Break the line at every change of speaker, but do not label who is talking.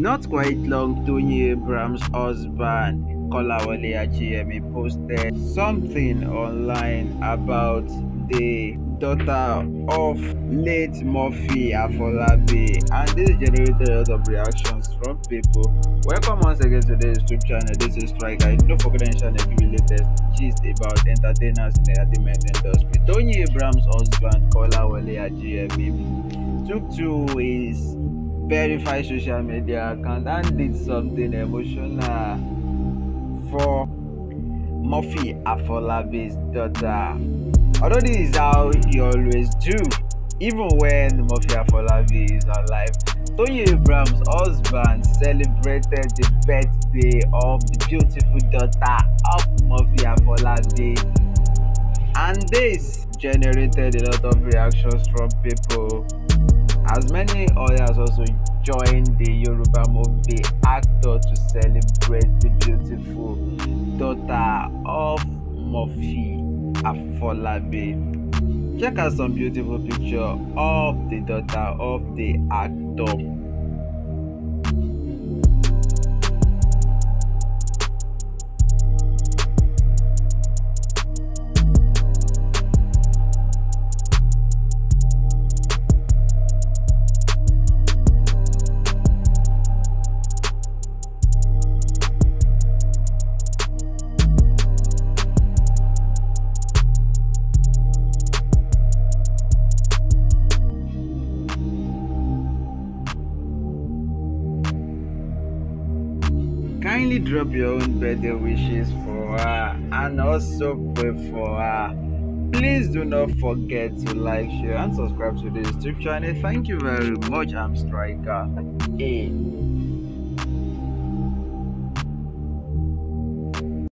Not quite long, Tony Abrams' husband, Kolawole Ajayemi, posted something online about the daughter of late Murphy Afolabi and this generated a lot of reactions from people. Welcome once again to the YouTube channel. This is Striker. Don't forget to share the latest gist about entertainers in the entertainment industry. Tony Abrams' husband, Kola Wale Ajayemi, took to his verified social media account and did something emotional for Murphy Afolabi's daughter. Although this is how he always do, even when Murphy Afolabi is alive, Tony Abrams' husband celebrated the birthday of the beautiful daughter of Murphy Afolabi. And this generated a lot of reactions from people. As many others also joined the Yoruba movie actor to celebrate the beautiful daughter of Mofi Afolabi. Check out some beautiful picture of the daughter of the actor. Kindly drop your own birthday wishes for her and also pray for her. Please do not forget to like, share, and subscribe to this YouTube channel. Thank you very much. I'm Striker. Hey.